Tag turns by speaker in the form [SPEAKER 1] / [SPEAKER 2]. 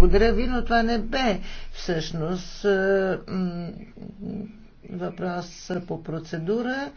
[SPEAKER 1] благодаря ви, но това не бе всъщност е, въпрос по процедура.